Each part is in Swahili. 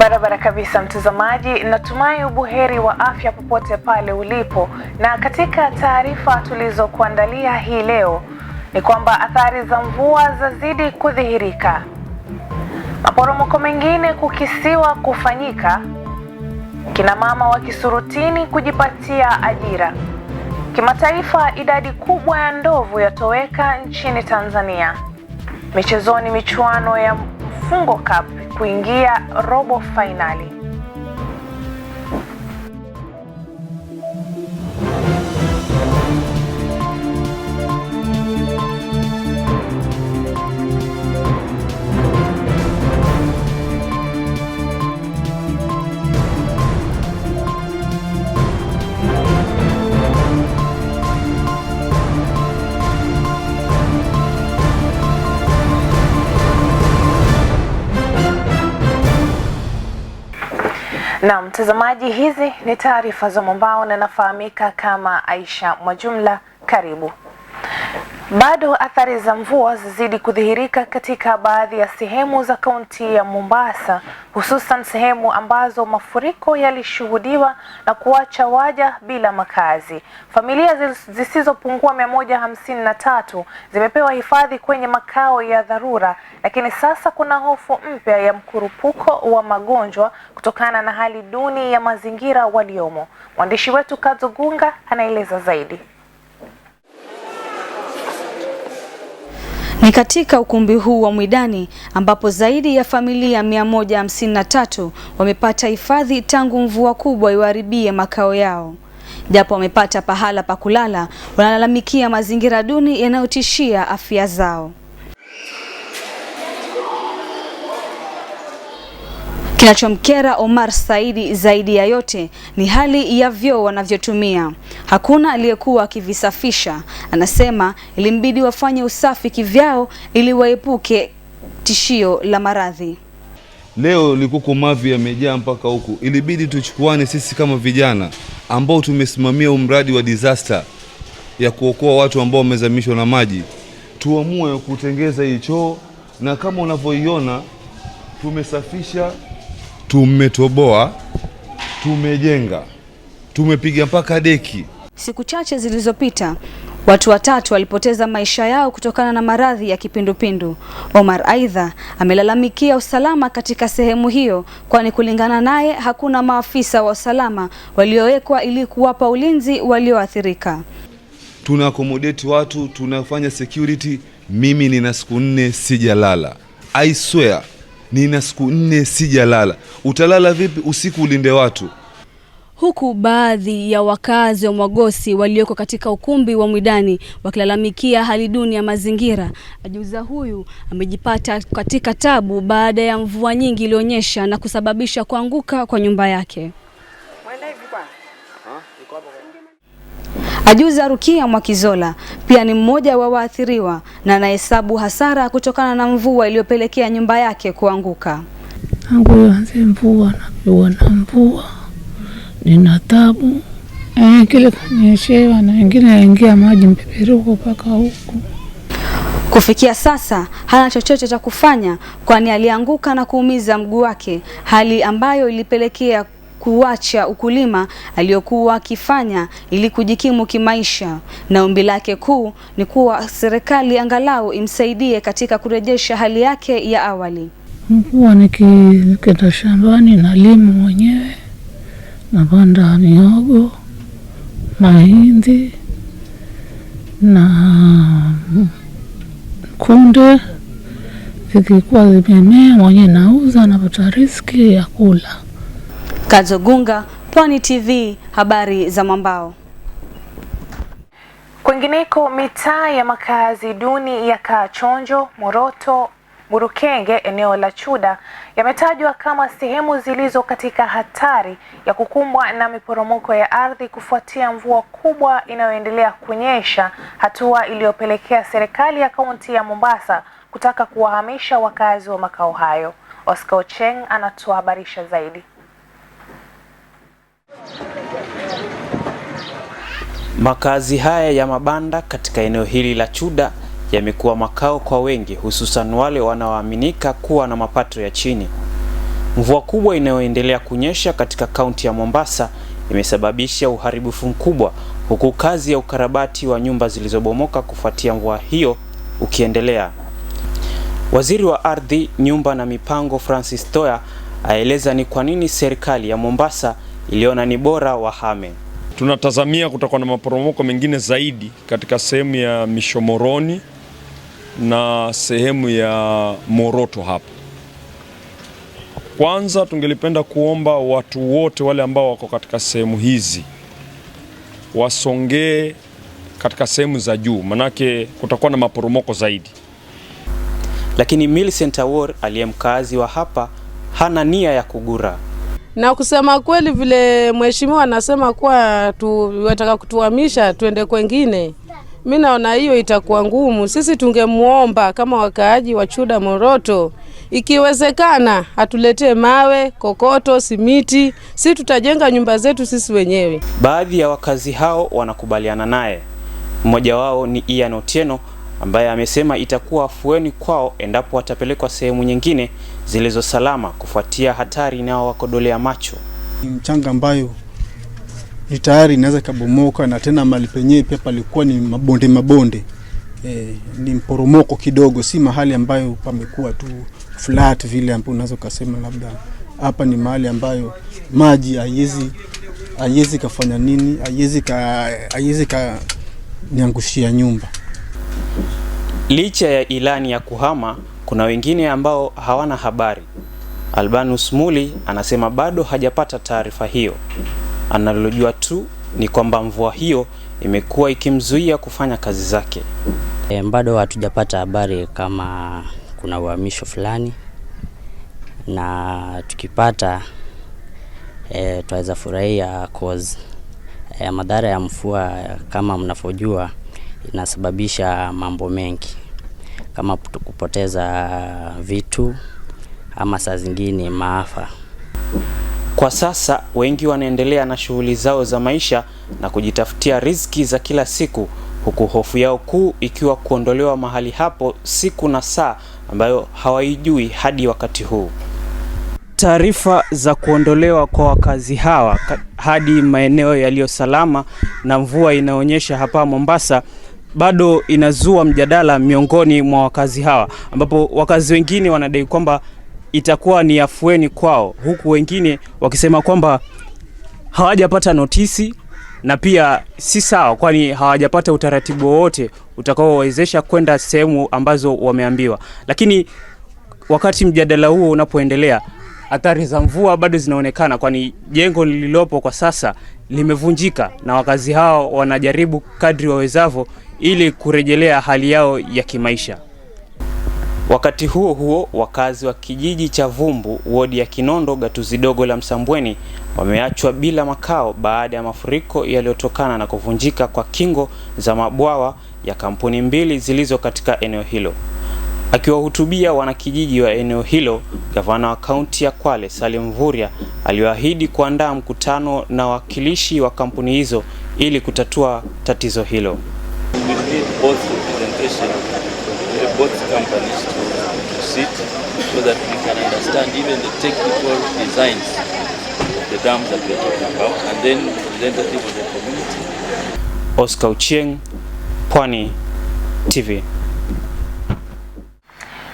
Barabara kabisa, mtazamaji, natumai ubuheri wa afya popote pale ulipo, na katika taarifa tulizokuandalia hii leo ni kwamba athari za mvua zazidi kudhihirika, maporomoko mengine kukisiwa kufanyika, kina mama wa kisurutini kujipatia ajira. Kimataifa, idadi kubwa ya ndovu yatoweka nchini Tanzania. Michezoni, michuano ya Mfungo Cup kuingia robo fainali. Na mtazamaji, hizi ni taarifa za Mwambao na nafahamika kama Aisha Mwajumla. Karibu. Bado athari za mvua zizidi kudhihirika katika baadhi ya sehemu za kaunti ya Mombasa, hususan sehemu ambazo mafuriko yalishuhudiwa na kuacha waja bila makazi. Familia zisizopungua mia moja hamsini na tatu zimepewa hifadhi kwenye makao ya dharura, lakini sasa kuna hofu mpya ya mkurupuko wa magonjwa kutokana na hali duni ya mazingira waliomo. Mwandishi wetu Kazugunga anaeleza zaidi. Ni katika ukumbi huu wa Mwidani ambapo zaidi ya familia tatu wamepata hifadhi tangu mvua kubwa iwaharibie makao yao. Japo wamepata pahala pa kulala, wanalalamikia mazingira duni yanayotishia afya zao. Kinachomkera Omar Saidi zaidi ya yote ni hali ya vyoo wanavyotumia. Hakuna aliyekuwa akivisafisha. Anasema ilimbidi wafanye usafi kivyao ili waepuke tishio la maradhi. Leo likuku mavi yamejaa mpaka huku, ilibidi tuchukuane sisi kama vijana ambao tumesimamia umradi wa disaster ya kuokoa watu ambao wamezamishwa na maji, tuamue kutengeza hii choo, na kama unavyoiona tumesafisha tumetoboa, tumejenga, tumepiga mpaka deki. Siku chache zilizopita watu watatu walipoteza maisha yao kutokana na maradhi ya kipindupindu. Omar aidha amelalamikia usalama katika sehemu hiyo, kwani kulingana naye hakuna maafisa wa usalama waliowekwa ili kuwapa ulinzi walioathirika. Tuna accommodate watu, tunafanya security. Mimi nina siku nne sijalala, I swear nina siku nne sijalala. Utalala vipi usiku ulinde watu? Huku baadhi ya wakazi wa Mwagosi walioko katika ukumbi wa Mwidani wakilalamikia hali duni ya mazingira. Ajuza huyu amejipata katika tabu baada ya mvua nyingi ilionyesha na kusababisha kuanguka kwa nyumba yake. Ajuza Rukia Mwakizola pia ni mmoja wa waathiriwa na anahesabu hasara kutokana na mvua iliyopelekea nyumba yake kuanguka. Tangu ianze mvua napigwa na mvua, nina tabu eh, kile kanyeshewa na wengine yaingia maji mpeperuko mpaka huku. Kufikia sasa hana chochote cha kufanya, kwani alianguka na kuumiza mguu wake, hali ambayo ilipelekea kuacha ukulima aliyokuwa akifanya ili kujikimu kimaisha, na ombi lake kuu ni kuwa serikali angalau imsaidie katika kurejesha hali yake ya awali. Mkuwa nikienda shambani nalimu mwenyewe, napanda miogo, mahindi na kunde, zikikuwa zimemea mwenyewe nauza, napata riski ya kula. Kazogunga, Pwani TV, habari za mwambao. Kwingineko, mitaa ya makazi duni ya Kachonjo, Moroto, murukenge eneo la Chuda yametajwa kama sehemu zilizo katika hatari ya kukumbwa na miporomoko ya ardhi kufuatia mvua kubwa inayoendelea kunyesha, hatua iliyopelekea serikali ya kaunti ya Mombasa kutaka kuwahamisha wakazi wa makao hayo. Oscar Ocheng anatuhabarisha zaidi. Makazi haya ya mabanda katika eneo hili la Chuda yamekuwa makao kwa wengi hususan wale wanaoaminika kuwa na mapato ya chini. Mvua kubwa inayoendelea kunyesha katika kaunti ya Mombasa imesababisha uharibifu mkubwa huku kazi ya ukarabati wa nyumba zilizobomoka kufuatia mvua hiyo ukiendelea. Waziri wa Ardhi, Nyumba na Mipango Francis toya aeleza ni kwa nini serikali ya Mombasa iliona ni bora wahame. Tunatazamia kutakuwa na maporomoko mengine zaidi katika sehemu ya Mishomoroni na sehemu ya Moroto hapa. Kwanza tungelipenda kuomba watu wote wale ambao wako katika sehemu hizi wasongee katika sehemu za juu, manake kutakuwa na maporomoko zaidi. Lakini Millicent Awor aliye mkaazi wa hapa hana nia ya kugura. Na kusema kweli, vile mheshimiwa anasema kuwa tu, wataka kutuhamisha tuende kwengine, mi naona hiyo itakuwa ngumu. Sisi tungemwomba kama wakaaji wa Chuda Moroto, ikiwezekana atuletee mawe, kokoto, simiti, si tutajenga nyumba zetu sisi wenyewe. Baadhi ya wakazi hao wanakubaliana naye. Mmoja wao ni Ian Otieno ambaye amesema itakuwa afueni kwao endapo watapelekwa sehemu nyingine zilizo salama kufuatia hatari inayowakodolea macho. Mchanga ambayo ni tayari inaweza ikabomoka, na tena mali penyewe pia palikuwa ni mabonde mabonde E, ni mporomoko kidogo, si mahali ambayo pamekuwa tu flat vile ambapo unaweza ukasema labda hapa ni mahali ambayo maji haiwezi haiwezi kafanya nini, haiwezi haiwezi niangushia nyumba. Licha ya ilani ya kuhama kuna wengine ambao hawana habari. Albanus Muli anasema bado hajapata taarifa hiyo. Analojua tu ni kwamba mvua hiyo imekuwa ikimzuia kufanya kazi zake. E, bado hatujapata habari kama kuna uhamisho fulani, na tukipata e, tunaweza furahia cause e, madhara ya mvua kama mnavyojua inasababisha mambo mengi kama kupoteza vitu ama saa zingine maafa. Kwa sasa wengi wanaendelea na shughuli zao za maisha na kujitafutia riziki za kila siku, huku hofu yao kuu ikiwa kuondolewa mahali hapo siku na saa ambayo hawaijui hadi wakati huu. Taarifa za kuondolewa kwa wakazi hawa hadi maeneo yaliyo salama na mvua inaonyesha hapa Mombasa bado inazua mjadala miongoni mwa wakazi hawa, ambapo wakazi wengine wanadai kwamba itakuwa ni afueni kwao, huku wengine wakisema kwamba hawajapata notisi na pia si sawa, kwani hawajapata utaratibu wowote utakaowawezesha kwenda sehemu ambazo wameambiwa. Lakini wakati mjadala huo unapoendelea, athari za mvua bado zinaonekana, kwani jengo lililopo kwa sasa limevunjika na wakazi hao wanajaribu kadri wawezavyo ili kurejelea hali yao ya kimaisha. Wakati huo huo, wakazi wa kijiji cha Vumbu, wodi ya Kinondo, gatuzi dogo la Msambweni, wameachwa bila makao baada ya mafuriko yaliyotokana na kuvunjika kwa kingo za mabwawa ya kampuni mbili zilizo katika eneo hilo. Akiwahutubia wanakijiji wa eneo hilo, gavana wa kaunti ya Kwale Salim vurya aliwaahidi kuandaa mkutano na wakilishi wa kampuni hizo ili kutatua tatizo hilo both representation, both companies to, to sit so that we can understand even the technical designs of the dams that we are talking about and then representative of the community. Oscar Ochieng, Pwani TV.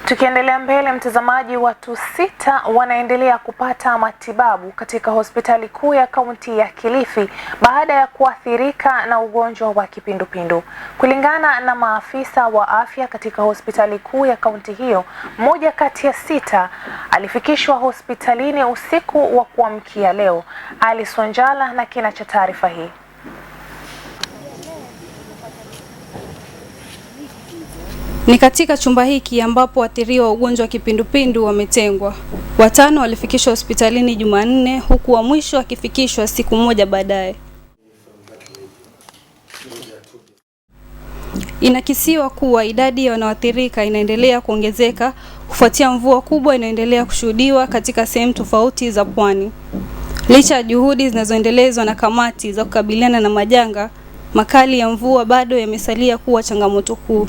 Tukiendelea mbele, mtazamaji, watu sita wanaendelea kupata matibabu katika hospitali kuu ya kaunti ya Kilifi baada ya kuathirika na ugonjwa wa kipindupindu. Kulingana na maafisa wa afya katika hospitali kuu ya kaunti hiyo, mmoja kati ya sita alifikishwa hospitalini usiku wa kuamkia leo. Alice na kina cha taarifa hii. Ni katika chumba hiki ambapo waathiriwa wa ugonjwa wa kipindupindu wametengwa. Watano walifikishwa hospitalini Jumanne huku wa mwisho akifikishwa siku moja baadaye. Inakisiwa kuwa idadi ya wanaoathirika inaendelea kuongezeka kufuatia mvua kubwa inayoendelea kushuhudiwa katika sehemu tofauti za pwani. Licha ya juhudi zinazoendelezwa na kamati za kukabiliana na majanga, makali ya mvua bado yamesalia kuwa changamoto kuu.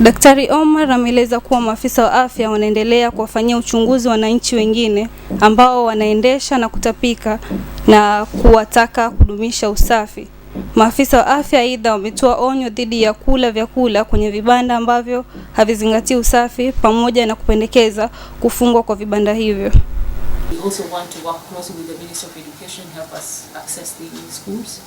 Daktari Omar ameeleza kuwa maafisa wa afya wanaendelea kuwafanyia uchunguzi wananchi wengine ambao wanaendesha na kutapika na kuwataka kudumisha usafi. Maafisa wa afya aidha wametoa onyo dhidi ya kula vyakula kwenye vibanda ambavyo havizingatii usafi pamoja na kupendekeza kufungwa kwa vibanda hivyo. We also want to work closely with the Ministry of Education help us access the schools.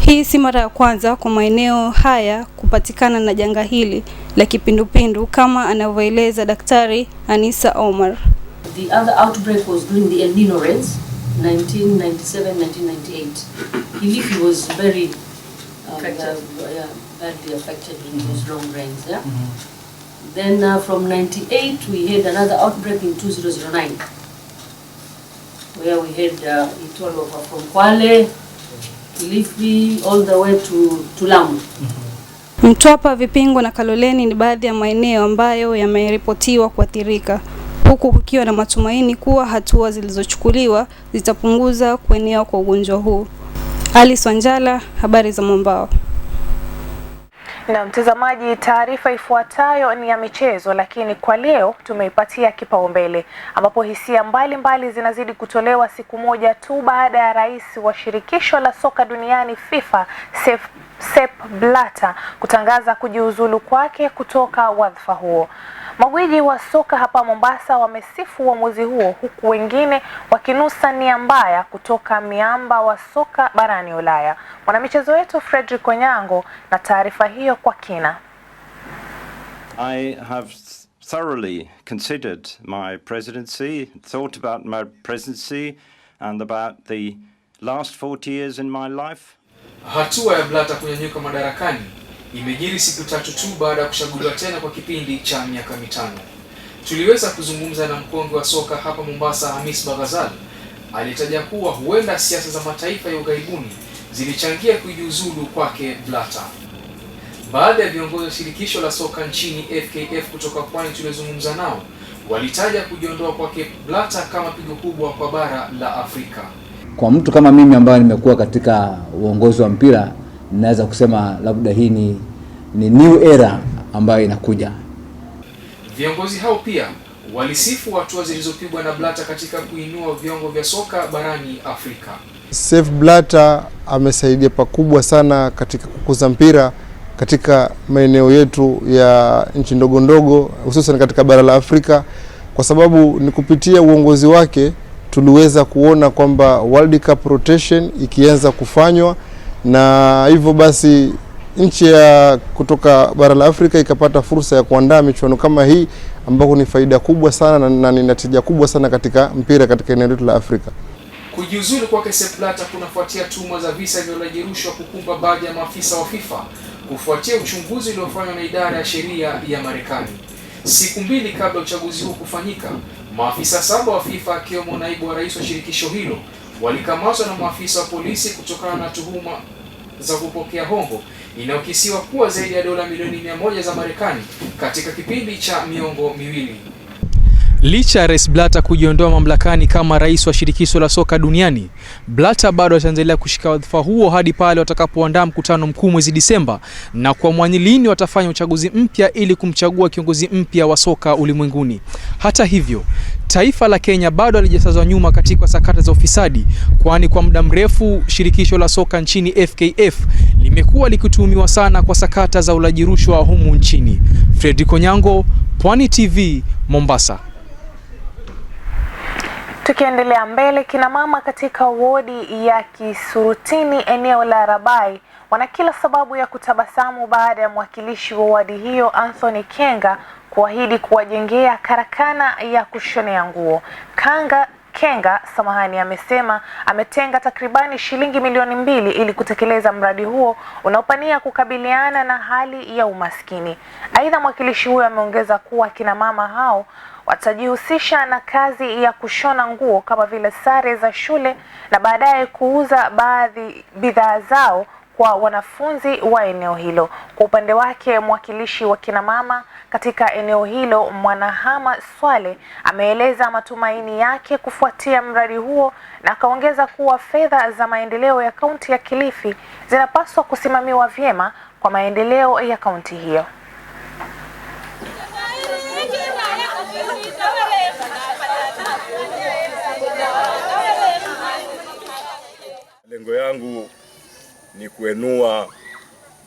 Hii si mara ya kwanza kwa maeneo haya kupatikana na janga hili la kipindupindu kama anavyoeleza Daktari Anisa Omar. The other outbreak was during the El Nino rains 1997 1998. Kilifi was very uh, uh, yeah, badly affected in those mm-hmm. long rains, yeah? Mm -hmm. Then uh, from 98 we had another outbreak in 2009 where we had uh, all over from Kwale, Kilifi, all the way to, to Lamu. Mtwapa, Vipingo na Kaloleni ni baadhi ya maeneo ambayo yameripotiwa kuathirika huku kukiwa na matumaini kuwa hatua zilizochukuliwa zitapunguza kuenea kwa ugonjwa huu. Alice Wanjala, habari za Mwambao. Na mtazamaji, taarifa ifuatayo ni ya michezo, lakini kwa leo tumeipatia kipaumbele, ambapo hisia mbalimbali mbali zinazidi kutolewa siku moja tu baada ya rais wa shirikisho la soka duniani FIFA Sef, Sepp Blatter kutangaza kujiuzulu kwake kutoka wadhifa huo. Magwiji wa soka hapa Mombasa wamesifu uamuzi wa huo huku wengine wakinusa nia mbaya kutoka miamba wa soka barani Ulaya. Mwanamichezo wetu Fredrick Onyango na taarifa hiyo kwa kina. I have thoroughly considered my presidency, thought about my presidency and about the last 40 years in my life. Hatua ya Blatter kunyanyuka madarakani Imejiri siku tatu tu baada ya kuchaguliwa tena kwa kipindi cha miaka mitano. Tuliweza kuzungumza na mkongwe wa soka hapa Mombasa, Hamis bagazal alitaja kuwa huenda siasa za mataifa ya ughaibuni zilichangia kujiuzulu kwake Blatter. Baadhi ya viongozi wa shirikisho la soka nchini FKF kutoka pwani tuliozungumza nao walitaja kujiondoa kwake Blatter kama pigo kubwa kwa bara la Afrika. Kwa mtu kama mimi ambaye nimekuwa katika uongozi wa mpira naweza kusema labda hii ni, ni new era ambayo inakuja. Viongozi hao pia walisifu hatua zilizopigwa na blata katika kuinua viwango vya soka barani Afrika. Sepp Blatter amesaidia pakubwa sana katika kukuza mpira katika maeneo yetu ya nchi ndogo ndogo hususan katika bara la Afrika, kwa sababu ni kupitia uongozi wake tuliweza kuona kwamba World Cup rotation ikianza kufanywa na hivyo basi nchi ya kutoka bara la Afrika ikapata fursa ya kuandaa michuano kama hii ambako ni faida kubwa sana na ni natija kubwa sana katika mpira katika eneo letu la Afrika. Kujiuzulu kwake Sepp Blatter kunafuatia tuhuma za visa vilivyojerushwa kukumba baadhi ya maafisa wa FIFA kufuatia uchunguzi uliofanywa na idara ya sheria ya Marekani. Siku mbili kabla ya uchaguzi huu kufanyika, maafisa saba wa FIFA akiwemo naibu wa rais wa shirikisho hilo walikamatwa na maafisa wa polisi kutokana na tuhuma za kupokea hongo inayokisiwa kuwa zaidi ya dola milioni mia moja za Marekani katika kipindi cha miongo miwili. Licha ya Rais Blatter kujiondoa mamlakani kama rais wa shirikisho la soka duniani, Blatter bado ataendelea kushika wadhifa huo hadi pale watakapoandaa mkutano mkuu mwezi Disemba na kuamua ni lini watafanya uchaguzi mpya ili kumchagua kiongozi mpya wa soka ulimwenguni. Hata hivyo, taifa la Kenya bado halijasazwa nyuma katika sakata za ufisadi, kwani kwa muda mrefu shirikisho la soka nchini FKF limekuwa likituhumiwa sana kwa sakata za ulaji rushwa humu nchini. Fredrick Onyango, Pwani TV, Mombasa. Tukiendelea mbele, kinamama katika wodi ya Kisurutini eneo la Rabai wana kila sababu ya kutabasamu baada ya mwakilishi wa wadi hiyo Anthony Kenga kuahidi kuwajengea karakana ya kushonea nguo. Kanga Kenga samahani, amesema ametenga takribani shilingi milioni mbili ili kutekeleza mradi huo unaopania kukabiliana na hali ya umaskini. Aidha, mwakilishi huyo ameongeza kuwa kina mama hao watajihusisha na kazi ya kushona nguo kama vile sare za shule na baadaye kuuza baadhi bidhaa zao kwa wanafunzi wa eneo hilo. Kwa upande wake, mwakilishi wa kinamama katika eneo hilo Mwanahama Swale ameeleza matumaini yake kufuatia mradi huo na akaongeza kuwa fedha za maendeleo ya kaunti ya Kilifi zinapaswa kusimamiwa vyema kwa maendeleo ya kaunti hiyo. Lengo yangu ni kuenua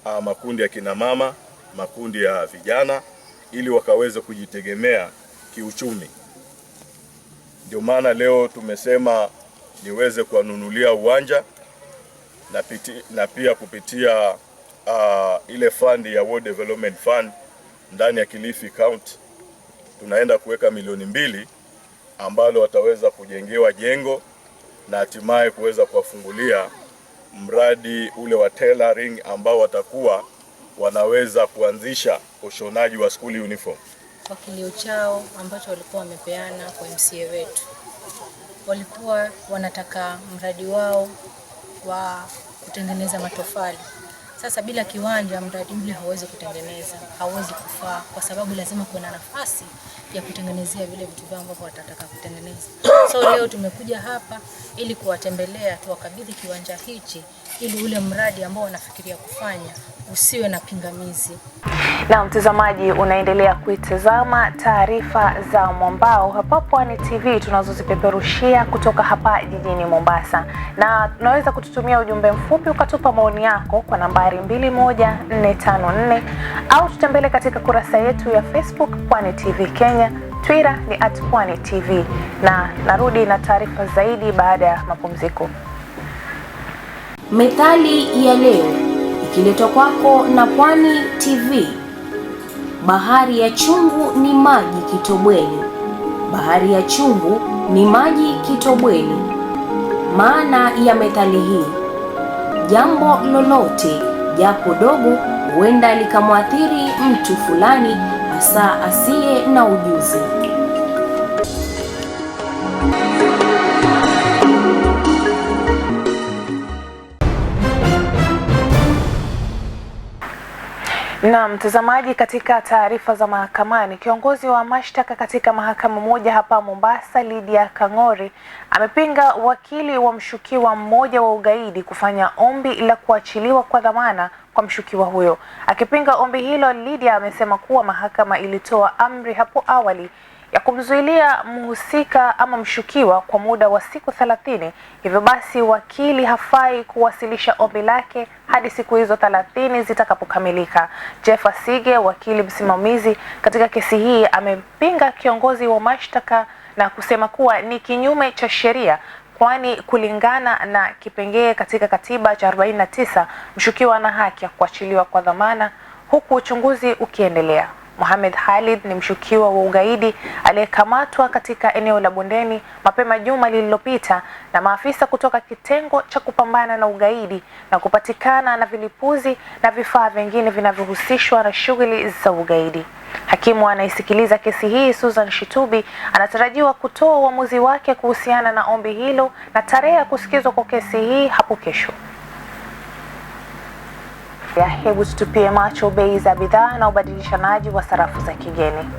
uh, makundi ya kinamama, makundi ya vijana ili wakaweze kujitegemea kiuchumi. Ndio maana leo tumesema niweze kuwanunulia uwanja na, piti, na pia kupitia uh, ile fund ya World Development Fund ndani ya Kilifi County tunaenda kuweka milioni mbili ambalo wataweza kujengewa jengo na hatimaye kuweza kuwafungulia mradi ule wa tailoring ambao watakuwa wanaweza kuanzisha ushonaji wa school uniform kwa kilio chao ambacho walikuwa wamepeana kwa MCA wetu. Walikuwa wanataka mradi wao wa kutengeneza matofali sasa bila kiwanja mradi ule hauwezi kutengeneza, hauwezi kufaa kwa sababu lazima kuwe na nafasi ya kutengenezea vile vitu vyao ambavyo watataka kutengeneza. So leo tumekuja hapa ili kuwatembelea, tuwakabidhi kiwanja hichi ili ule mradi ambao wanafikiria kufanya usiwe na pingamizi. Na mtazamaji, unaendelea kuitazama taarifa za Mwambao hapa Pwani TV tunazozipeperushia kutoka hapa jijini Mombasa, na unaweza kututumia ujumbe mfupi ukatupa maoni yako kwa nambari 21454 au tutembele katika kurasa yetu ya Facebook Pwani TV Kenya, Twitter ni at Pwani TV, na narudi na taarifa zaidi baada ya mapumziko. Methali ya leo ikiletwa kwako na Pwani TV. Bahari ya chungu ni maji kitobweni. Bahari ya chungu ni maji kitobweni. Maana ya methali hii: jambo lolote japo dogo huenda likamwathiri mtu fulani, hasa asiye na ujuzi. Na mtazamaji, katika taarifa za mahakamani, kiongozi wa mashtaka katika mahakama moja hapa Mombasa, Lydia Kang'ori amepinga wakili wa mshukiwa mmoja wa ugaidi kufanya ombi la kuachiliwa kwa dhamana kwa mshukiwa huyo. Akipinga ombi hilo, Lydia amesema kuwa mahakama ilitoa amri hapo awali ya kumzuilia mhusika ama mshukiwa kwa muda wa siku thelathini. Hivyo basi wakili hafai kuwasilisha ombi lake hadi siku hizo thelathini zitakapokamilika. Jeff Asige, wakili msimamizi katika kesi hii, amempinga kiongozi wa mashtaka na kusema kuwa ni kinyume cha sheria kwani kulingana na kipengee katika katiba cha 49 mshukiwa ana haki ya kuachiliwa kwa dhamana huku uchunguzi ukiendelea. Mohamed Khalid ni mshukiwa wa ugaidi aliyekamatwa katika eneo la Bondeni mapema juma lililopita na maafisa kutoka kitengo cha kupambana na ugaidi na kupatikana na vilipuzi na vifaa vingine vinavyohusishwa na shughuli za ugaidi. Hakimu anaisikiliza kesi hii Susan Shitubi anatarajiwa kutoa uamuzi wake kuhusiana na ombi hilo na tarehe ya kusikizwa kwa kesi hii hapo kesho afya, hebu tutupie macho bei za bidhaa na ubadilishanaji wa sarafu za kigeni.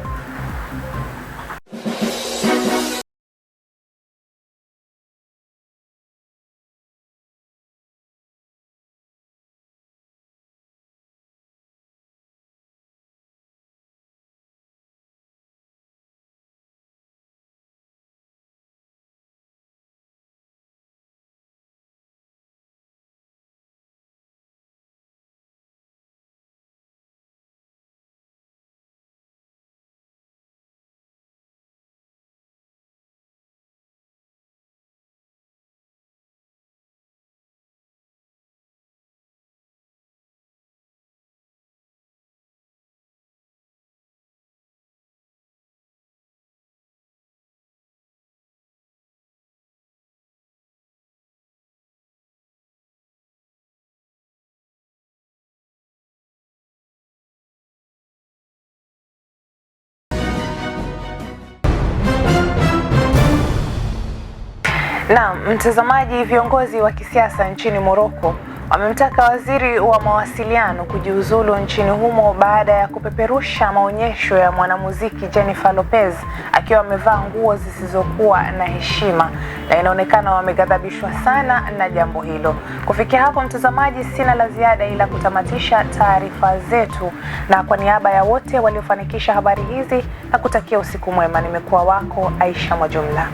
Naam, mtazamaji, viongozi wa kisiasa nchini Morocco wamemtaka waziri wa mawasiliano kujiuzulu nchini humo baada ya kupeperusha maonyesho ya mwanamuziki Jennifer Lopez akiwa amevaa nguo zisizokuwa na heshima, na inaonekana wameghadhabishwa sana na jambo hilo. Kufikia hapo, mtazamaji, sina la ziada ila kutamatisha taarifa zetu, na kwa niaba ya wote waliofanikisha habari hizi na kutakia usiku mwema, nimekuwa wako Aisha Mwajumla.